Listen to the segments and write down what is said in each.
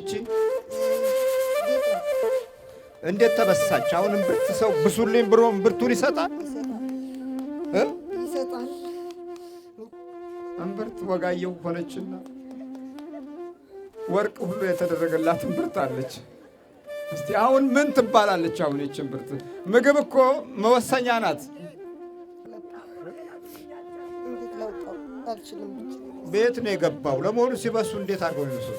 አይደለች እንዴት ተበሳች? አሁን ብርት ሰው ብሱልኝ ብሮም ብርቱን ይሰጣል። እምብርት ወጋየው ሆነችና ወርቅ ሁሉ የተደረገላት እምብርት አለች። እስቲ አሁን ምን ትባላለች? አሁን ይች ብርት ምግብ እኮ መወሰኛ ናት። ቤት ነው የገባው። ለመሆኑ ሲበሱ እንዴት አድርገው ይመስሉ?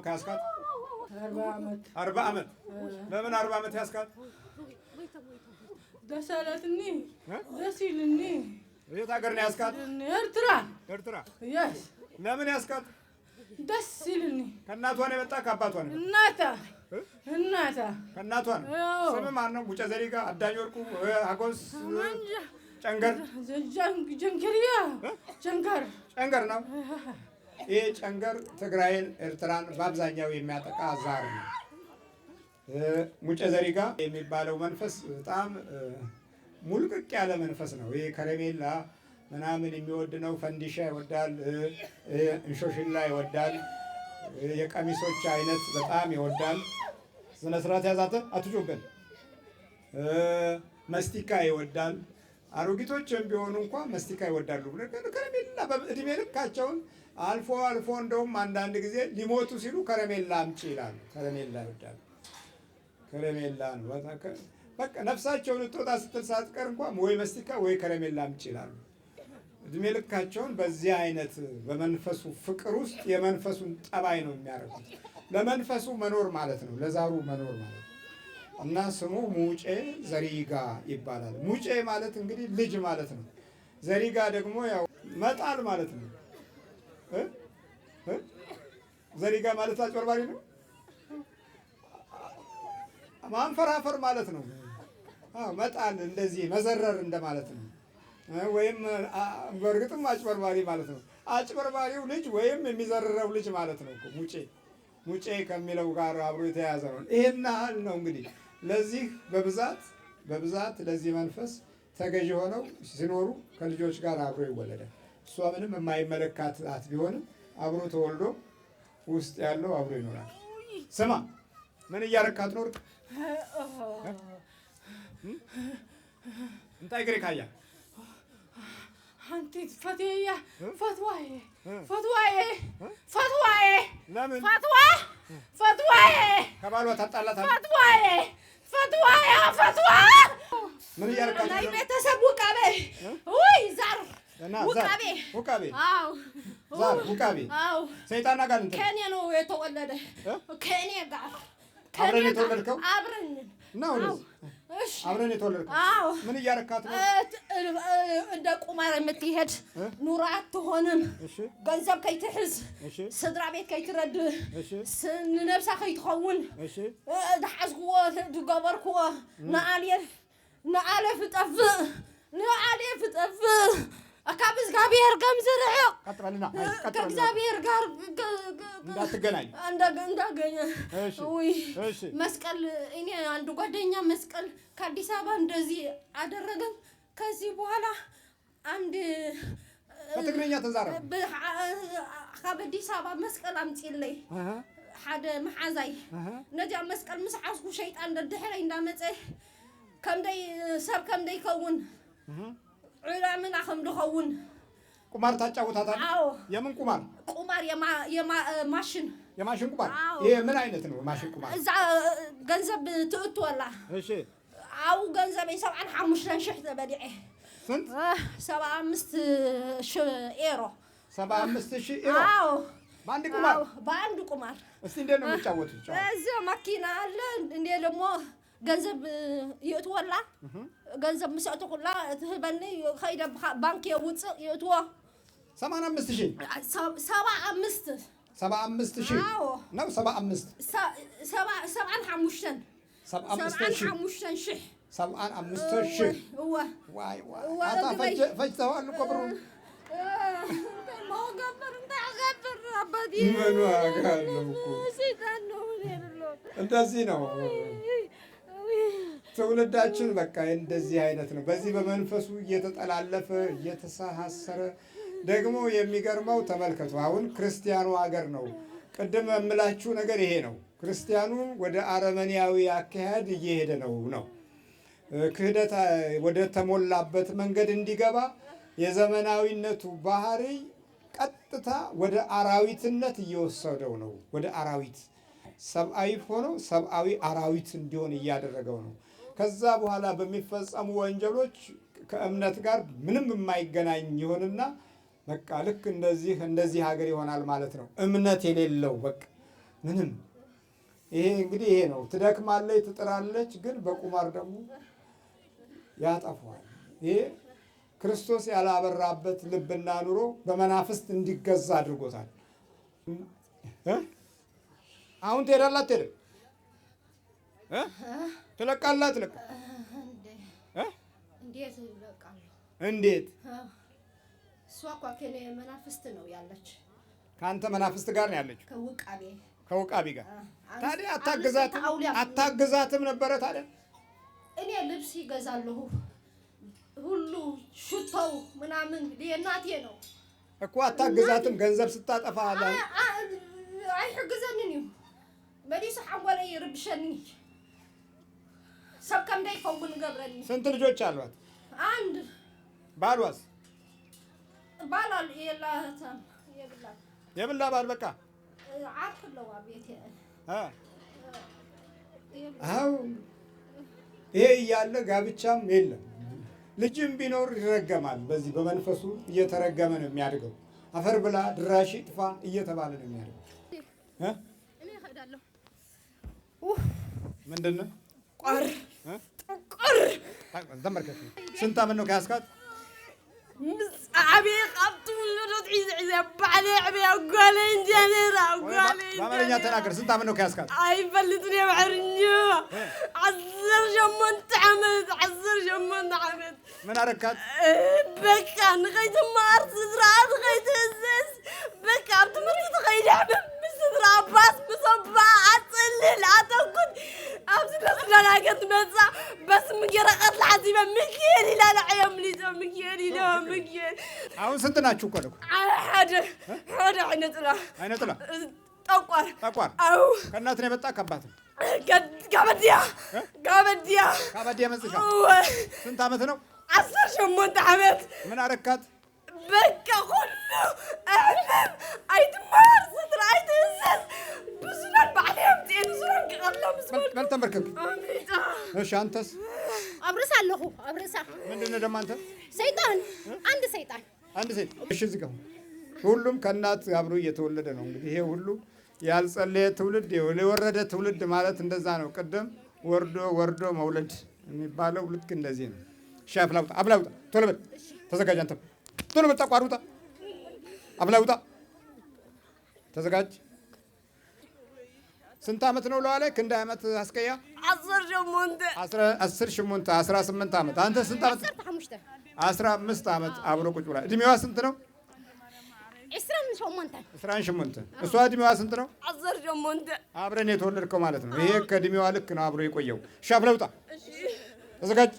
ነው ከያዝካት? አርባ ዓመት ለምን አርባ ዓመት ያዝካት? ደሰለትኒ ደሲልኒ የት ሀገር ነው ያዝካት? ኤርትራ ኤርትራ። ለምን ያዝካት? ደስ ይልኒ። ከእናቷ ነው የመጣ ከአባቷ ነው? እናታ እናታ ከእናቷ ነው። ስም ማን ነው? ጉጨ ዘሪጋ፣ አዳኝ ወርቁ፣ አጎስ ጨንገር ጀንገርያ ጀንገር ጨንገር ነው ይህ ጨንገር ትግራይን፣ ኤርትራን በአብዛኛው የሚያጠቃ ዛር ነው። ሙጨ ዘሪጋ የሚባለው መንፈስ በጣም ሙልቅቅ ያለ መንፈስ ነው። ይህ ከረሜላ ምናምን የሚወድ ነው። ፈንዲሻ ይወዳል። እንሾሽላ ይወዳል። የቀሚሶች አይነት በጣም ይወዳል። ስነስርዓት ያዛተ አትጮበል መስቲካ ይወዳል። አሮጊቶችም ቢሆኑ እንኳ መስቲካ ይወዳሉ ብለ ከረሜላ በእድሜ ልካቸውን አልፎ አልፎ እንደውም አንዳንድ ጊዜ ሊሞቱ ሲሉ ከረሜላ አምጪ ይላሉ። ከረሜላ ይወዳሉ። ከረሜላ በቃ ነፍሳቸውን ልትወጣ ስትል ሳትቀር እንኳ ወይ መስቲካ ወይ ከረሜላ አምጪ ይላሉ። እድሜ ልካቸውን በዚህ አይነት በመንፈሱ ፍቅር ውስጥ የመንፈሱን ጠባይ ነው የሚያደርጉት። ለመንፈሱ መኖር ማለት ነው፣ ለዛሩ መኖር ማለት ነው። እና ስሙ ሙጬ ዘሪጋ ይባላል። ሙጬ ማለት እንግዲህ ልጅ ማለት ነው። ዘሪጋ ደግሞ ያው መጣል ማለት ነው። ዘሪጋ ማለት አጭበርባሪ ነው፣ ማንፈራፈር ማለት ነው። መጣል እንደዚህ መዘረር እንደማለት ነው። ወይም በእርግጥም አጭበርባሪ ማለት ነው። አጭበርባሪው ልጅ ወይም የሚዘርረው ልጅ ማለት ነው ሙጬ ሙጬ ከሚለው ጋር አብሮ የተያያዘ ነው። ይሄን ያህል ነው እንግዲህ ለዚህ በብዛት በብዛት ለዚህ መንፈስ ተገዥ ሆነው ሲኖሩ ከልጆች ጋር አብሮ ይወለዳል። እሷ ምንም የማይመለካትላት ቢሆንም አብሮ ተወልዶ ውስጥ ያለው አብሮ ይኖራል። ስማ፣ ምን እያረካ ትኖር እንታይ ግሬ ካያ አንቲት ፈትያ ፈትዋዬ ፈትዋዬ ፈትዋዬ ለምን ፈትዋ ፈትዋዬ ከባሏ ታጣላት ፈትዋዬ ፈትዋ ያ ፈትዋ ምን እያደረጋችሁ ነው? ቤተሰብ ውቃቤ ውይ ዛር ውቃቤ ውቃቤ ዛር ውቃቤ ሰይጣን ጋር እንትን ከእኔ ነው የተወለደ ከእኔ ጋር ከእኔ ጋር አብረን ነው አብረን የተወለድኩት። ምን እያረካት ነው? እንደ ቁማር የምትሄድ ኑሮ አትሆንም። ገንዘብ ከይትሕዝ፣ ስድራ ቤት ከይትረድ፣ ንነብሳ ከይትኸውን ዝሓዝክዎ ዝገበርክዎ ንኣልየ ንኣለ ፍጠፍእ ንኣልየ ፍጠፍእ ከእግዚአብሔር ጋም ዝርዕ ከእግዚአብሔር ጋር እንዳትገናኝ እንዳገኘ መስቀል እኔ አንድ ጓደኛ መስቀል ከአዲስ አበባ እንደዚህ አደረገም። ከዚህ በኋላ አንድ በትግርኛ ተዛረ ካብ አበባ መስቀል አምፂለይ ሓደ መሓዛይ ነዚያ መስቀል ምስ ዓስኩ ሸይጣን ደድሕረይ እንዳመፀ ከምደይ ሰብ ከምደይከውን ዑላ ምና ከም ድኸውን ቁማር ታጫውታታል? የምን ቁማር? ቁማር የማሽን የማሽን ቁማር። ይሄ ምን አይነት ነው ማሽን ቁማር? እዛ ገንዘብ ትእቱ ወላ። እሺ አው ገንዘብ ሰብዓን ሓሙሽተን ሽሕ ተበሊዐ ስንት? ሰባ አምስት ሺህ ኤሮ። ሰባ አምስት ሺህ ኤሮ በአንድ ቁማር፣ በአንድ ቁማር። እስቲ እንዴት ነው የሚጫወቱት? እዚያ ማኪና አለ እንዴ ደግሞ ገንዘብ የእትወላ ገንዘብ ምስዕቱ ኩላ ትህበኒ ከይደ ባንክ የውፅእ የእትዎ ሰማንያ አምስት ሺህ ሰባ አምስት ሰባ አምስት ሺህ ነው። ሰባ አምስት ሰብዓን ሓሙሽተን ሰብዓን አምስት ሺህ ሺህ ፈጅተዋል እኮ ብሩ እንደዚህ ነው። ትውልዳችን በቃ እንደዚህ አይነት ነው። በዚህ በመንፈሱ እየተጠላለፈ እየተሳሳሰረ ደግሞ የሚገርመው ተመልከቱ፣ አሁን ክርስቲያኑ ሀገር ነው። ቅድም የምላችሁ ነገር ይሄ ነው። ክርስቲያኑ ወደ አረመኒያዊ አካሄድ እየሄደ ነው ነው ክህደት ወደ ተሞላበት መንገድ እንዲገባ የዘመናዊነቱ ባህሪ ቀጥታ ወደ አራዊትነት እየወሰደው ነው። ወደ አራዊት ሰብአዊ ሆኖ ሰብአዊ አራዊት እንዲሆን እያደረገው ነው። ከዛ በኋላ በሚፈጸሙ ወንጀሎች ከእምነት ጋር ምንም የማይገናኝ ይሆንና በቃ ልክ እንደዚህ እንደዚህ ሀገር ይሆናል ማለት ነው። እምነት የሌለው በቃ ምንም ይሄ እንግዲህ ይሄ ነው። ትደክማለች፣ ትጥራለች፣ ግን በቁማር ደግሞ ያጠፏል። ይሄ ክርስቶስ ያላበራበት ልብና ኑሮ በመናፍስት እንዲገዛ አድርጎታል። አሁን ትሄዳላት ትሄድም ትለቃላት ትለቃ እንዴት እሷ እኮ ከኔ መናፍስት ነው ያለች። ከአንተ መናፍስት ጋር ነው ያለች፣ ከውቃቤ ከውቃቤ ጋር ታዲያ አታግዛትም አታግዛትም ነበረ። ታዲያ እኔ ልብስ ይገዛለሁ ሁሉ ሽቶው ምናምን የእናቴ ነው እኮ አታግዛትም። ገንዘብ ስታጠፋ አለ አይሕግዘንን እዩ መዲሱ ሓንጎለ ይርብሸኒ ሰብ ከም እንዳይከውን ገብረኒ። ስንት ልጆች አሏት? አንድ ባሏስ ባላል የላህተም የብላ የብላ ባል በቃ አትለው አቤት አው ይሄ እያለ ጋብቻም የለም ልጅም ቢኖር ይረገማል። በዚህ በመንፈሱ እየተረገመ ነው የሚያድገው። አፈር ብላ ድራሽ ጥፋ እየተባለ ነው የሚያድገው። ምንድን ነው? ቆር ቆር። ስንት ነው በአማርኛ ተናገር። ስንት ዓመት ነው ከያዝካት? አይፈልጥን የባሕርኛ አስር ሸሞንት ዓመት አስር ሸሞንት ዓመት ምን አረካት? በቃ ንኸይትመሃር ስድራ ንኸይትእስስ በቃ ኣብ ትምህርቲ ተኸይደ ምስ ስድራ ኣባስ ምሰባ ኣፅልል ኣተኩት አሁን ስንት ናችሁ? እኮ አይነ ጥላ ጠቋር ጠቋር ከእናት ነው የመጣ ከአባት ነው። ጋበድያ ጋበድያ ጋበድያ መጽሻ ስንት ዓመት ነው? አስር ሸሞንት ዓመት ምን አረካት? በቃ ሁሉ ባዕልዮም ክቐሎም እሺ አንተስ አብርሳ ኣለኹ አብርሳ ደማ አንተ ሰይጣን አንድ ሰይጣን አንድ ሰይጣን እሺ ዝገቡ ሁሉም ከእናት አብሮ እየተወለደ ነው እንግዲህ ይሄ ሁሉ ያልጸለየ ትውልድ የወረደ ትውልድ ማለት እንደዛ ነው። ቅድም ወርዶ ወርዶ መውለድ የሚባለው ልክ እንደዚህ ነው። ሻፍላውጣ አብላውጣ ቶሎ በል ተዘጋጅ አንተም ቶሎ መጣ ቋድ ውጣ፣ አብላይ ውጣ፣ ተዘጋጅ። ስንት ዓመት ነው ለዋለ ክንድ ዓመት አስቀያ አስር ሽሞንተ አስራ ስምንት ዓመት አንተ ስንት ዓመት? አስራ አምስት ዓመት አብሮ ቁጭ ብላ እድሜዋ ስንት ነው? እስራን ሽሞንተ እሷ እድሜዋ ስንት ነው? አብረን የተወለድከው ማለት ነው። ይሄ ከእድሜዋ ልክ ነው አብሮ የቆየው። እሺ አብለውጣ ተዘጋጅ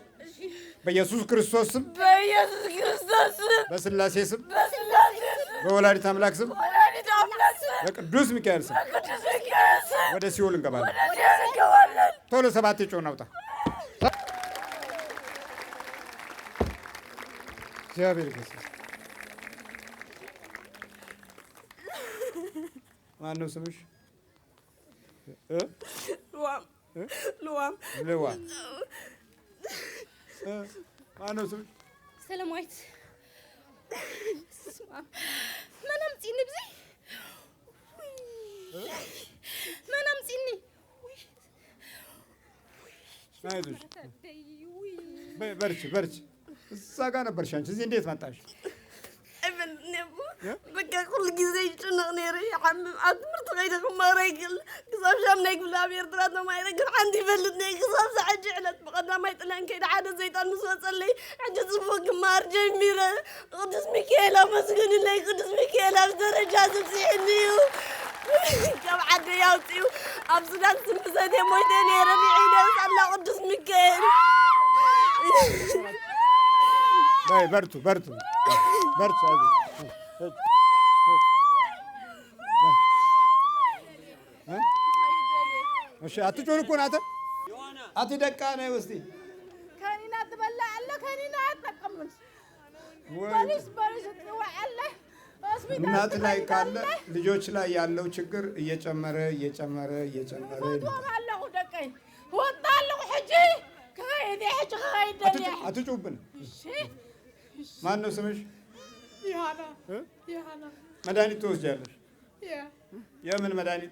በኢየሱስ ክርስቶስ ስም በኢየሱስ ክርስቶስ ስም በስላሴ ስም በስላሴ በወላዲት አምላክ ስም በወላዲት አምላክ ስም በቅዱስ ሚካኤል ስም በቅዱስ ሚካኤል ስም ወደ ሲኦል እንገባለን። ቶሎ ሰባቴ ጮህ ናውጣ። እግዚአብሔር ይመስገን። ማን ነው ስምሽ? ልዋም ልዋም ማነው ስም? ሰለማዊት። መናም ፂኒ ብዚ መናም ፂኒ በርቺ በርቺ። እዛ ጋ ነበርሽ አንቺ፣ እዚህ እንዴት መጣሽ? በቃ ሁሉ ጊዜ ነይረ ይሓምም ኣብ ትምህርቲ ከይደ ክመሃር ክሳብ ሻምናይ ግብላብሔር ጥራት ነው ማይረግር ሓንቲ ይፈልጥ ነይ ክሳብ ሰዓት ጅዕለት ብቐዳማይ ጥላን ከይደ ሓደ ዘይጣን ምስ ወፀለይ ሕጂ ፅቡቅ ግማር ጀሚረ ቅዱስ ሚካኤል ኣመስግንለይ ቅዱስ ሚካኤል ኣብ ደረጃ ዝብፅሕኒ እዩ ካብ ዓደ ያውፅኡ ኣብ ሱዳን ስምሰት ሞይተ ነይረ ንዒደሳላ ቅዱስ ሚካኤል በርቱ በርቱ በርቱ እሺ አትጮል እኮ ናተ አትደቃ ነው እስቲ ከኒና ትበላ አለ ከኒና አጠቀሙን ወይስ በሪስ ጥዋ አለ እናት ላይ ካለ ልጆች ላይ ያለው ችግር እየጨመረ እየጨመረ እየጨመረ ደቀኝ ወጣለሁ ሕጂ ከሄደ ሕጂ ከሄደ አትጩብን። ማን ነው ስምሽ? መድኃኒት ትወስጃለሽ? የምን መድኃኒት?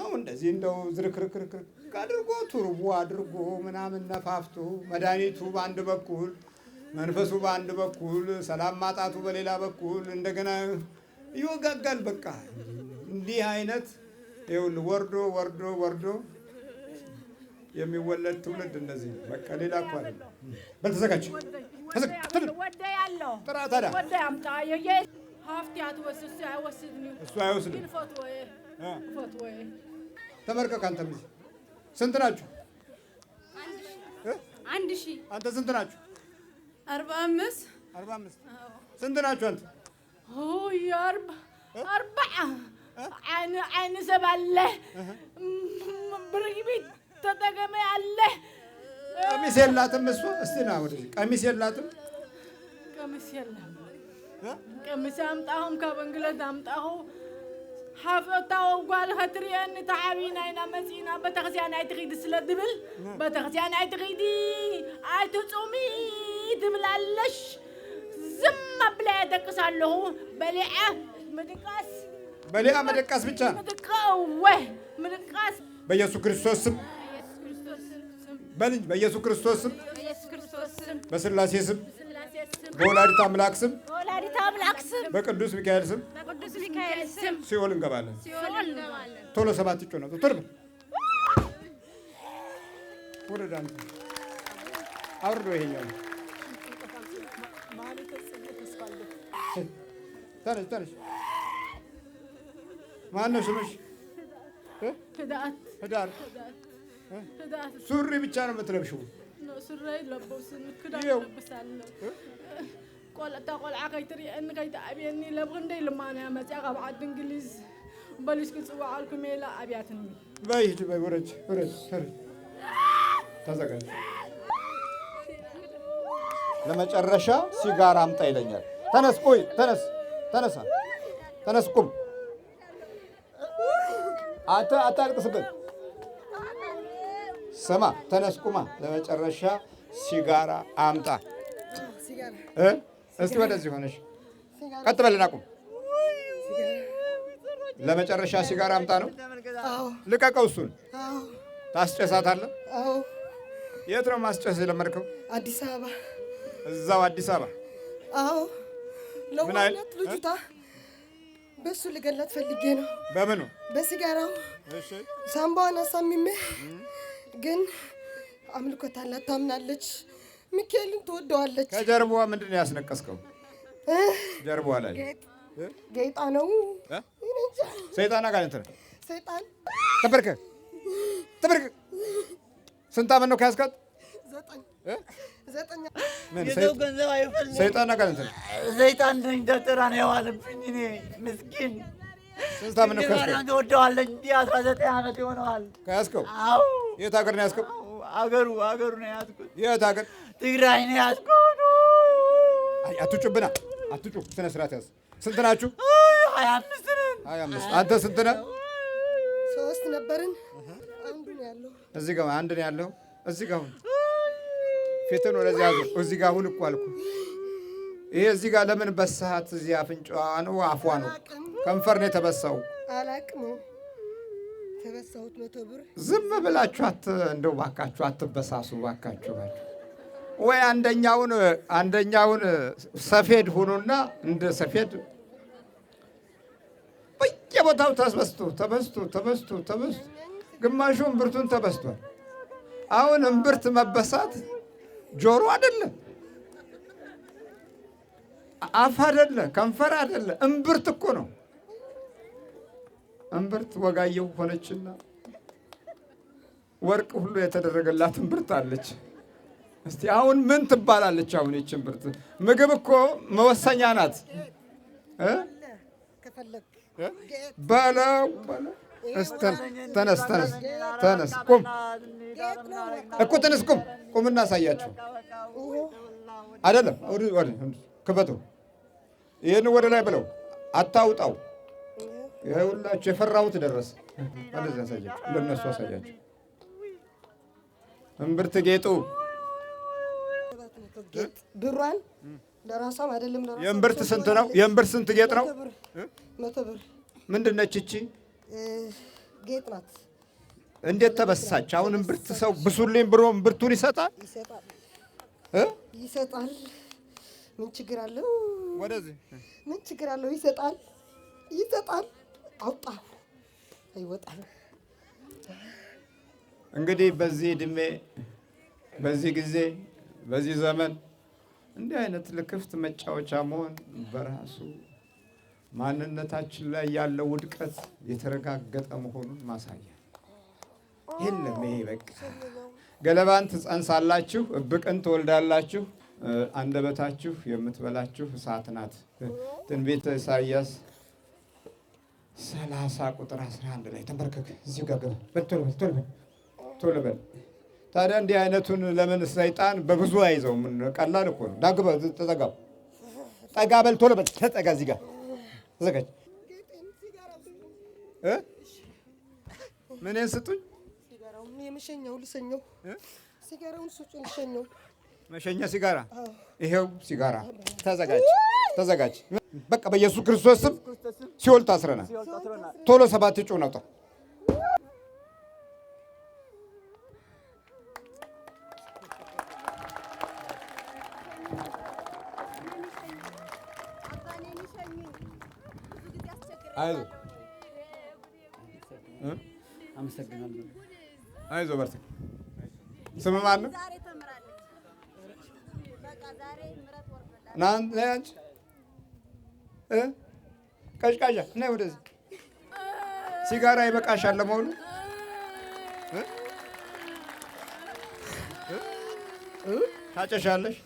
አሁን እንደዚህ እንደው ዝርክርክርክር አድርጎ ቱርቦ አድርጎ ምናምን ነፋፍቶ መድኃኒቱ በአንድ በኩል መንፈሱ በአንድ በኩል ሰላም ማጣቱ በሌላ በኩል እንደገና ይወጋጋል። በቃ እንዲህ አይነት ይኸውልህ ወርዶ ወርዶ ወርዶ የሚወለድ ትውልድ እንደዚህ በቃ ሌላ እኮ አለ። በልተዘጋጅ ተዘጋጅ፣ ጥራ ታዲያ ሀብት ያትወስድ እሱ አይወስድም ተመርቀቅ። አንተም እዚህ ስንት ናችሁ? አንድ ሺህ አንተ ስንት ናችሁ? አርባ አምስት አርባ አምስት ስንት ናችሁ? አንተ አርባ አይን ሰብ አለ ብርግ ቤት ተጠቀመ አለ ቀሚስ የላትም እሷ። እስቲ ና ወደዚህ። ቀሚስ የላትም ቀሚስ የላትም። ቀሚስ አምጣሁም ከበንግለት አምጣሁ حافظة قال هتري أني تعبين أنا مزينا بتغزي أنا أتغيد دبل بتغزي أنا أتغيدي أتصومي تبلالش زم بلا يدقس له بلعة مدقاس بلعة مدقاس بيتا بيتشا مدقاوه مدقاس بيسوع كريستوس سم بلنج بيسوع كريستوس سم በስላሴ ስም በወላዲተ አምላክ ስም በቅዱስ ሚካኤል ስም በሚካኤል ስም ሲኦል እንገባለን። ቶሎ ሰባት ጮ ነው ቶሎ ወረዳ አውርዶ ይሄኛው ተነሽ ተነሽ። ማነው ስምሽ? ህዳር። ሱሪ ብቻ ነው የምትለብሽው? ቆልእታ ቆልዓ ከይትርእየኒ ከይተኣብየኒ ለብክንደይ ልማንያ መፅያ ካብ ዓዲ እንግሊዝ በሊሽ ክፅዋዓልኩም የላ ኣብያትኒ በይ ሂጂ በይ ውረጅ ውረጅ ሰሪ ተዘጋጅ ለመጨረሻ ሲጋራ አምጣ ይለኛል። ተነስ ቆይ ተነስ ተነሳ ተነስ ቁም አታልቅስበት። ስማ ተነስ ቁማ ለመጨረሻ ሲጋራ አምጣ እ እስቲ ወደዚህ ሆነሽ ቀጥ በልና ቁም። ለመጨረሻ ሲጋር አምጣ ነው። ልቀቀው። እሱን ታስጨሳታለህ። የት ነው ማስጨስ የለመድከው? አዲስ አበባ። እዛው አዲስ አበባ። አዎ፣ ለዋናት ልጅቷ በእሱ ልገላት ፈልጌ ነው። በምኑ? በሲጋራው። ሳምባዋን አሳምሜ ግን አምልኮታላት ታምናለች። ሚካኤልን ትወደዋለች። ከጀርባዋ ምንድን ነው ያስነቀስከው? ጀርባዋ ላይ ጌጣ ነው። ሰይጣን አጋንንት ነው። ሰይጣን ተበርከ ተበርከ። ስንት ዓመት ነው ከያዝካት? ሰይጣን አጋንንት ነው። ሰይጣን እንደተራ ነው የዋለብኝ እኔ ምስኪን ስንት ዓመት ነው ከያዝከው? እንደወደዋለን እንዲህ አስራ ዘጠኝ ዓመት ይሆነዋል ከያዝከው። የት ሀገር ነው ያዝከው? አገሩ አገሩ ነው ያዝኩት። የት ሀገር? ትግራይ ነው ያዝኩት። አትጩብና አትጩ፣ ስነ ስርዓት ያዝ። ስንት ናችሁ? ሀያ አምስት ነን። ሀያ አምስት አንተ ስንት ነህ? ሶስት ነበርን። አንዱ ነው ያለው እዚህ ጋር አንድ ነው ያለው እዚህ ጋር። አሁን ፊትን ወደዚህ ያዙ። እዚህ ጋር አሁን እኮ አልኩህ። ይሄ እዚህ ጋር ለምን በሳሃት? እዚህ አፍንጫዋ ነው አፏ ነው ከንፈር ነው የተበሳው። አላቅሙ ተበሳሁት። መቶ ብር ዝም ብላችሁ እንደው ባካችሁ አትበሳሱ፣ ባካችሁ ወይ አንደኛውን አንደኛውን ሰፌድ ሁኑና እንደ ሰፌድ በየቦታው ተበስቶ ተበስቶ ተበስቶ ተበስቶ ግማሹ እምብርቱን ተበስቷል። አሁን እምብርት መበሳት ጆሮ አይደለም፣ አፍ አይደለም፣ ከንፈር አይደለም፣ እምብርት እኮ ነው። እምብርት ወጋየሁ ሆነችና ወርቅ ሁሉ የተደረገላት እምብርት አለች። እስቲ አሁን ምን ትባላለች? አሁን ይች እምብርት ምግብ እኮ መወሰኛ ናት። በለው ተነስ ተነስ ተነስ፣ ቁም እኮ ተነስ፣ ቁም ቁም፣ እናሳያችሁ። አይደለም ክበቱ፣ ይህን ወደ ላይ ብለው አታውጣው ሁላችሁ የፈራሁት ደረሰ። እንደዚህ አሳያችሁ፣ ለእነሱ አሳያችሁ። እምብርት ጌጡ ብሯን ለራሷም አይደለም። የእምብርት ስንት ነው? የእምብርት ስንት ጌጥ ነው? መቶ ብር። ምንድን ነች እቺ? ጌጥ ናት። እንዴት ተበሳች? አሁን እምብርት ሰው ብሱልኝ ብሎ እምብርቱን ይሰጣል ይሰጣል። ምን ችግር አለው? ወደዚህ ምን ችግር አለው? ይሰጣል ይሰጣል አውጣ አይወጣም። እንግዲህ በዚህ እድሜ በዚህ ጊዜ በዚህ ዘመን እንዲህ አይነት ልክፍት መጫወቻ መሆን በራሱ ማንነታችን ላይ ያለው ውድቀት የተረጋገጠ መሆኑን ማሳያ የለም። ይሄ በቃ ገለባን ትጸንሳላችሁ፣ እብቅን ትወልዳላችሁ፣ አንደበታችሁ የምትበላችሁ እሳት ናት። ትንቢተ ኢሳይያስ ሰላሳ ቁጥር አስራ አንድ ላይ ተንበርከክ። እዚሁ ጋር ገባ በል ቶሎ በል ቶሎ በል ቶሎ በል። ታዲያ እንዲህ አይነቱን ለምን ሰይጣን በብዙ አይዘውም? ቀላል እኮ ነው። ዳግበ ተጠጋ ጠጋ በል ቶሎ በል ተጠጋ። እዚህ ጋር ተዘጋጅ። ምንን ስጡኝ? የመሸኛው ልሰኘው ሲጋራውን ስጡኝ። ልሸኘው መሸኛ ሲጋራ፣ ይሄው ሲጋራ ተዘጋጅ ተዘጋጅ። በቃ በኢየሱስ ክርስቶስ ስም ሲኦል ታስረናል። ቶሎ ሰባት ጩ ነውጣ አይዞ በርታ። ስም ማነው? ቀዥቃዣ እና ወደዚህ ሲጋራ ይበቃሻል ለመሆኑ ታጨሻለሽ?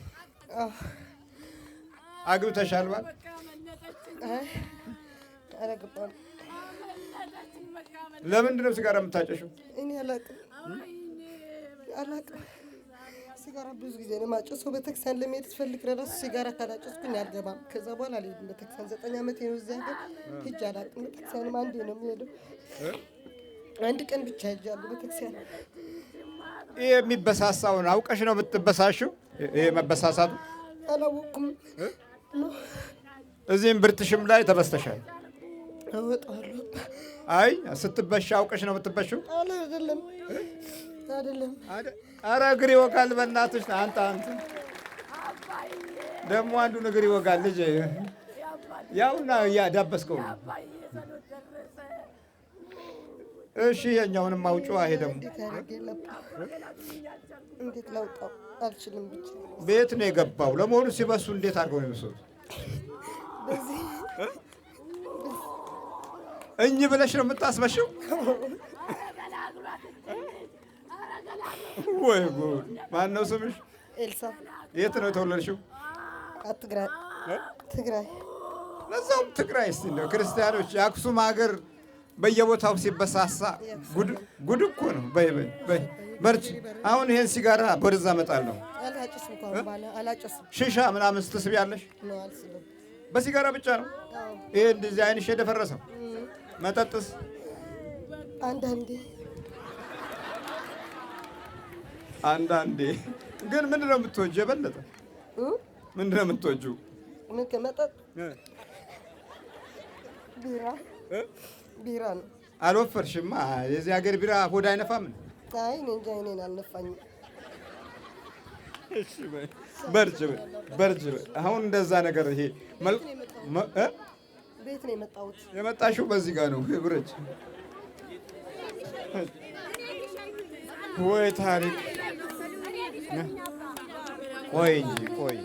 አግብተሻል? ባል ለምንድን ነው ሲጋራ የምታጨሽው? ሲጋራ ብዙ ጊዜ ነው የማጨሰው። ቤተክርስቲያን ለመሄድ ስፈልግ እራሱ ሲጋራ ካላጨስኩኝ አልገባም። ከዛ በኋላ አልሄድም ቤተክርስቲያን። ዘጠኝ ዓመት ነው እዚያ ሀገር ሂጅ አላውቅም። ቤተክርስቲያንም አንዴ ነው የሚሄደው፣ አንድ ቀን ብቻ ሄጃለሁ ቤተክርስቲያን። ይሄ የሚበሳሳውን አውቀሽ ነው የምትበሳሽው? ይሄ መበሳሳቱ አላወቅኩም። እዚህም ብርትሽም ላይ ተበስተሻል። አወጣዋለሁ። አይ ስትበሻ አውቀሽ ነው የምትበሽው? አይደለም አይደለም። እግር ይወጋል። በእናቶች አንተ አንተ ደግሞ አንዱ እግር ይወጋል። ልጅ ያውና እያዳበስከው ነው። እሺ የኛውንም አውጪዋ። ይሄ ደግሞ እንዴት ላውጣው? አልችልም። ብቻ ቤት ነው የገባው። ለመሆኑ ሲበሱ እንዴት አድርገው ነው የሚበሱት? እኚህ ብለሽ ነው የምታስበሽው? ወይ ጉድ! ማን ነው ስምሽ? ኤልሳ። የት ነው የተወለድሽው? ትግራይ። ትግራይ ለዛውም ትግራይ። እስቲ እንደው ክርስቲያኖች የአክሱም ሀገር በየቦታው ሲበሳሳ ጉድ እኮ ነው። በይ በይ በርቺ። አሁን ይሄን ሲጋራ በርዛ እመጣለሁ። ሽሻ ምናምን ስትስብ ያለሽ በሲጋራ ብቻ ነው ይሄ እንደዚህ አይንሽ የደፈረሰው። መጠጥስ አንዳንዴ አንዳንዴ ግን ምንድን ነው የምትወጁ? የበለጠ ምንድን ነው የምትወጁ? ምን ከመጠጥ ቢራ ቢራ ነው። አልወፈርሽማ። የዚህ ሀገር ቢራ ሆድ አይነፋም። አይ እኔ እንጃ፣ እኔን አልነፋኝም። በርጅ በርጅ። አሁን እንደዛ ነገር ይሄ ቤት ነው የመጣሁት። የመጣሽው በዚህ ጋር ነው ወይ ታሪክ 快点，快点。